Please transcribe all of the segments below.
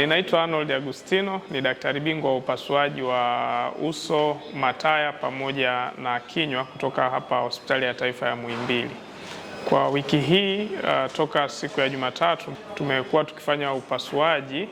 Ninaitwa Arnold Agustino, ni daktari bingwa wa upasuaji wa uso, mataya pamoja na kinywa kutoka hapa hospitali ya taifa ya Muhimbili. Kwa wiki hii uh, toka siku ya Jumatatu tumekuwa tukifanya upasuaji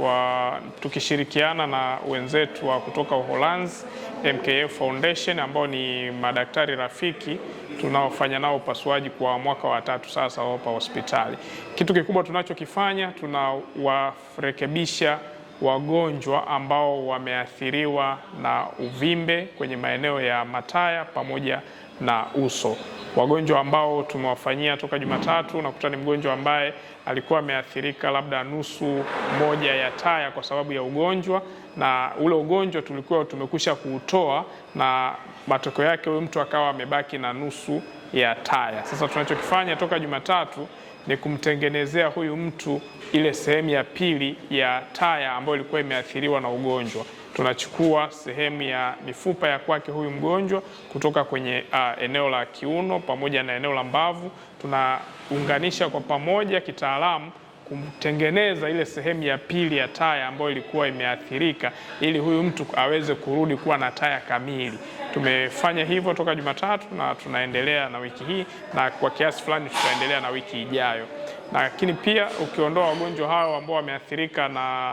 wa tukishirikiana na wenzetu wa kutoka Uholanzi MKF Foundation ambao ni madaktari rafiki tunaofanya nao upasuaji kwa mwaka wa tatu sasa hapa hospitali. Kitu kikubwa tunachokifanya tunawarekebisha wagonjwa ambao wameathiriwa na uvimbe kwenye maeneo ya mataya pamoja na uso. Wagonjwa ambao tumewafanyia toka Jumatatu, nakuta ni mgonjwa ambaye alikuwa ameathirika labda nusu moja ya taya kwa sababu ya ugonjwa, na ule ugonjwa tulikuwa tumekwisha kuutoa, na matokeo yake huyo mtu akawa amebaki na nusu ya taya. Sasa tunachokifanya toka Jumatatu ni kumtengenezea huyu mtu ile sehemu ya pili ya taya ambayo ilikuwa imeathiriwa na ugonjwa. Tunachukua sehemu ya mifupa ya kwake huyu mgonjwa kutoka kwenye uh, eneo la kiuno pamoja na eneo la mbavu, tunaunganisha kwa pamoja kitaalamu kutengeneza ile sehemu ya pili ya taya ambayo ilikuwa imeathirika, ili huyu mtu aweze kurudi kuwa na taya kamili. Tumefanya hivyo toka Jumatatu na tunaendelea na wiki hii, na kwa kiasi fulani tutaendelea na wiki ijayo. Lakini pia ukiondoa wagonjwa hao ambao wameathirika na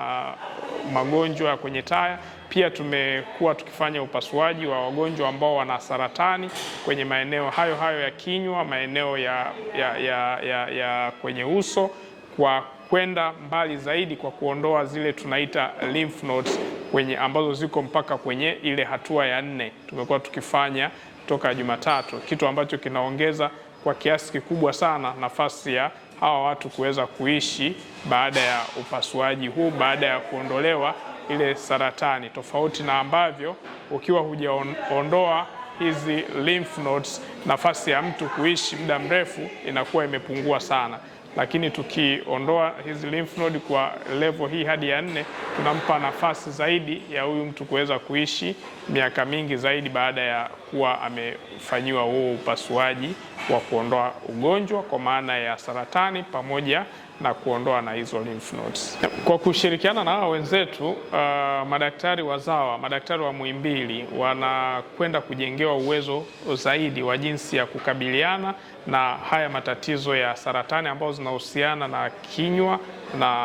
magonjwa kwenye taya, pia tumekuwa tukifanya upasuaji wa wagonjwa ambao wana saratani kwenye maeneo hayo hayo ya kinywa, maeneo ya, ya, ya, ya, ya kwenye uso kwa kwenda mbali zaidi kwa kuondoa zile tunaita lymph nodes kwenye ambazo ziko mpaka kwenye ile hatua ya nne tumekuwa tukifanya toka Jumatatu, kitu ambacho kinaongeza kwa kiasi kikubwa sana nafasi ya hawa watu kuweza kuishi baada ya upasuaji huu, baada ya kuondolewa ile saratani, tofauti na ambavyo ukiwa hujaondoa hizi lymph nodes, nafasi ya mtu kuishi muda mrefu inakuwa imepungua sana lakini tukiondoa hizi lymph node kwa level hii hadi ya nne, tunampa nafasi zaidi ya huyu mtu kuweza kuishi miaka mingi zaidi baada ya kuwa amefanyiwa huo upasuaji wa kuondoa ugonjwa kwa maana ya saratani pamoja na kuondoa na hizo lymph nodes. Kwa kushirikiana na hao wenzetu uh, madaktari wazawa, madaktari wa Muhimbili wanakwenda kujengewa uwezo zaidi wa jinsi ya kukabiliana na haya matatizo ya saratani ambazo zinahusiana na kinywa na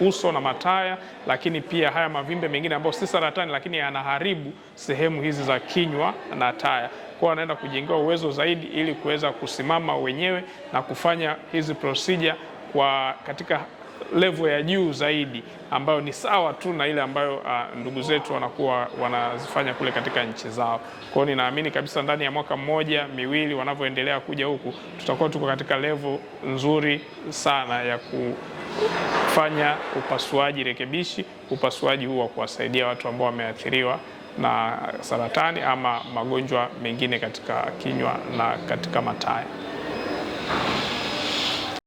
uso na mataya, lakini pia haya mavimbe mengine ambayo si saratani, lakini yanaharibu sehemu hizi za kinywa na taya kwa wanaenda kujengewa uwezo zaidi ili kuweza kusimama wenyewe na kufanya hizi procedure kwa katika levo ya juu zaidi ambayo ni sawa tu na ile ambayo uh, ndugu zetu wanakuwa wanazifanya kule katika nchi zao. Kwa hiyo ninaamini kabisa ndani ya mwaka mmoja miwili wanavyoendelea kuja huku, tutakuwa tuko katika levo nzuri sana ya kufanya upasuaji rekebishi, upasuaji huu wa kuwasaidia watu ambao wameathiriwa na saratani ama magonjwa mengine katika kinywa na katika mataya.